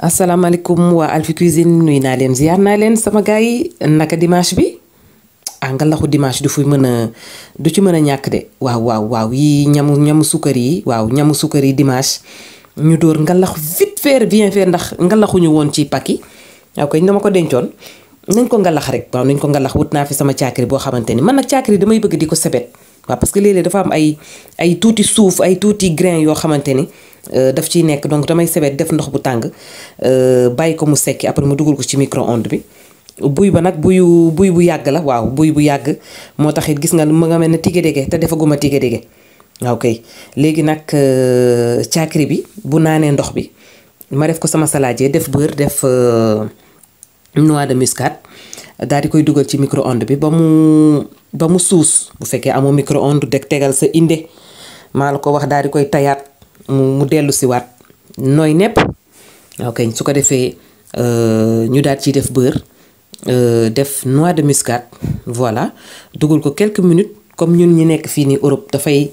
asalaamaaleykum waa Alphie Cuisine nuy naa leen ziar naa leen sama gars yi naka dimanche bi ah nga laxu dimanche du fi mën a du ci mën a ñàkk de waaw waaw waaw yi ñamu ñamu sukkar yi waaw ñamu sukkar yi dimanche ñu dóor nga laxu vite faire bien faire ndax nga laxuñu woon ci pakk yi waaw koy dama ko dencoon nañ ko nga lax rek waaw nañ ko ngalax lax wut naa fi sama caakiri boo xamante ni man nag caakiri damay bëgg di ko sebet waaw parce que léeg-léeg dafa am ay ay tuuti suuf ay tuuti grain yoo xamante ni Euh, daf ciy nekk donc damay sebet def ndox bu tàng euh, bàyyi ko mu sekkee après mu dugal ko ci micro-onde bi buy ba nag buyu buy bu yàgg la waaw buy bu yàgg moo tax it gis nga ma nga mel ne tige dege te defaguma tige dege waaw kay léegi nag euh, caakiri bi bu naanee ndox bi ma def ko sama saladier def bër def noix de muscade daal di koy dugal ci micro-onde bi ba mu ba mu suus bu fekkee amoo micro-onde deg tegal sa inde maa la ko wax daal di koy tayaat mu dellu siwaat waat nooy nepp ok su ko defee euh, ñu daal ci def beurre euh, def noix de muscade voilà dugal ko quelque minutes comme ñun ñu nekk fii nii Europe dafay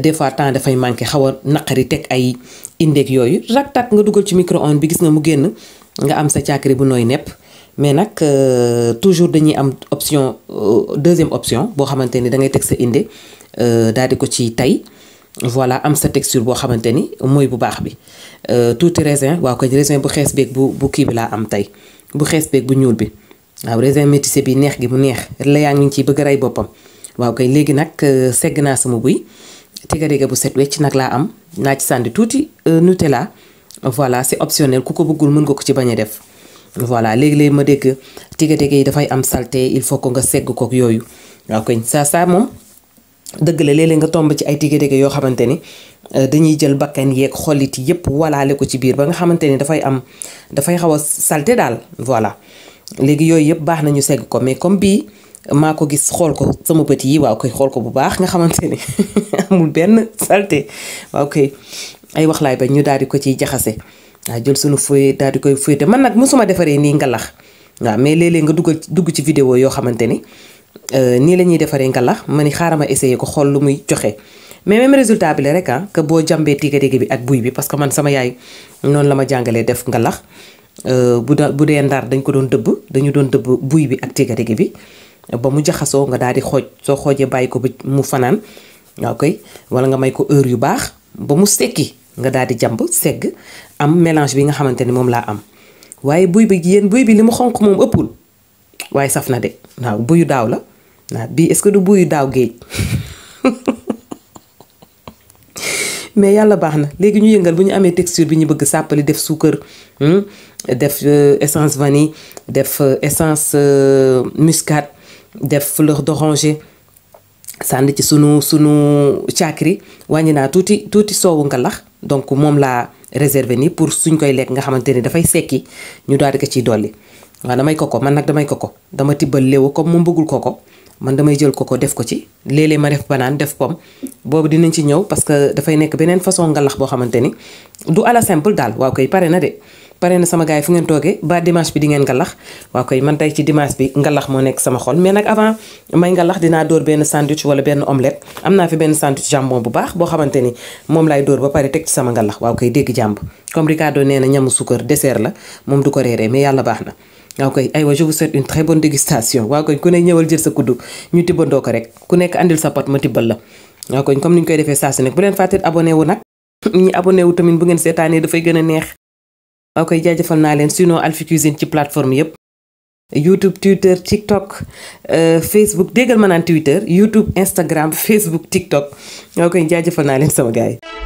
des fois temps dafay manqué xaw a naqari teg ay indeeg yooyu raktak nga dugal ci micro-ondes bi gis nga mu génn nga am sa caakiri bu nooy nepp mais nag euh, toujours dañuy am option deuxième option boo xamante ni da teg sa inde daal di ko ci tay voilà am sa texture boo xamante ni mooy bu baax bi euh, tuuti raisin waa ko raisin bu xees beeg bu bu kii bi laa am tey bu xees beeg bu ñuul bi waaw raisin métissé bi neex gi mu neex layaa ngi ciy bëgg rey boppam waaw léegi nag euh, segg naa sama buy tigadéga bu set wecc nag laa am naa ci sànni tuuti euh, Nutella voilà c'est optionnel ku ko bëggul mën nga ko ci bañ a def voilà léegi-léegi ma dégg tigadéga yi dafay am salté il faut que nga segg kook yooyu waaw kay saa saa moom dëgg la léeg nga tomb ci ay tigé-tigé yoo xamante ni euh, dañuy jël bakkan yeeg xollit yépp walaale ko ci biir ba nga xamante ni dafay am dafay xaw a salte daal voilà léegi yooyu yëpp baax nañu segg ko mais comme bii maa ko gis xool ko sama bët yi waaw koy xool ko bu baax nga xamante ni amul benn salte waaw koy ay waxlaay ba ñu daal di ko ciy jaxase waaw jël sunu fuye daal di koy fuye te man nag mosuma defaree nii nga lax waaw mais léeg nga dugal dugg ci vidéo yoo xamante ni Euh, nii la ñuy defaree ngalax ma ni xaaral ma essayer ko xool lu muy joxe mais même résultat bi la rek ah que boo jàmbee tigadége ak buy bi parce que man sama yaay noonu la ma jàngalee def ngalax euh, bu da bu dee ndar dañ ko doon dëbb dañu doon dëbb buy bi ak tigadége bi ba mu jaxasoo nga daal di xooj soo xoojee bàyyi ko ba mu fanaan waaw koy wala nga may ko heure yu baax ba mu sekki nga daal di jàmb segg am mélange bi nga xamante ni moom laa am waaye buy bi yéen buy bi li mu xonq moom ëppul waaye saf na de waaw buyu daaw la waaw bii est-ce que du buyu daaw géej mais yàlla baax na léegi ñu yëngal bu ñu amee texture bi ñu bëgg sàppali def suukar hmm, def euh, essence vanille def euh, essence euh, muscade def fleur d'oranger sànni ci sunu sunu caakri wàññi naa tuuti tuuti soowu ngalax donc moom laa réservé nii pour suñ koy lekk nga xamante ni dafay sekki ñu daal di ko ciy dolli waaw damay koko man nag damay koko dama tibbal léewa comme moom bëggul koko man damay jël koko def ko ci léeg-léeg ma def banaan def pomme boobu dinañ ci ñëw parce que dafay nekk beneen façon ngalax boo xamante ni du à la simple daal koy pare na de pare na sama gars fu ngeen toogee ba dimanche bi di ngeen ngalax waaw koy man tey ci dimanche bi ngalax moo nekk sama xol mais nag avant may ngalax dinaa dóor benn sandwich wala benn omelette am naa fi benn sandwich jambon bu baax boo xamante ni moom lay dóor ba pare teg ci sama ngalax waaw koy dégg jàmb comme Ricardo nee na ñamu suukar dessert la moom du ko reeree mais yàlla baax na waaw koy aywa je vous souhaite une très bonne dégustation waaw koy ku ne ñëwal jël sa kuddu ñu tibbandoo ko rek ku nekk andil sa pot ma tibbal la waaw koy comme ni ñu koy defee saa su nekk bu leen fàtte abonné wu nag ñi abonné wu tamit bu ngeen seetaanee dafay gën a neex waaw koy jaajafal naa leen sinon Alphie Cuisine ci plateforme yépp YouTube Twitter TikTok euh, Facebook déggal ma naan Twitter YouTube Instagram Facebook TikTok ñoo koy jaajëfal naa leen sama gars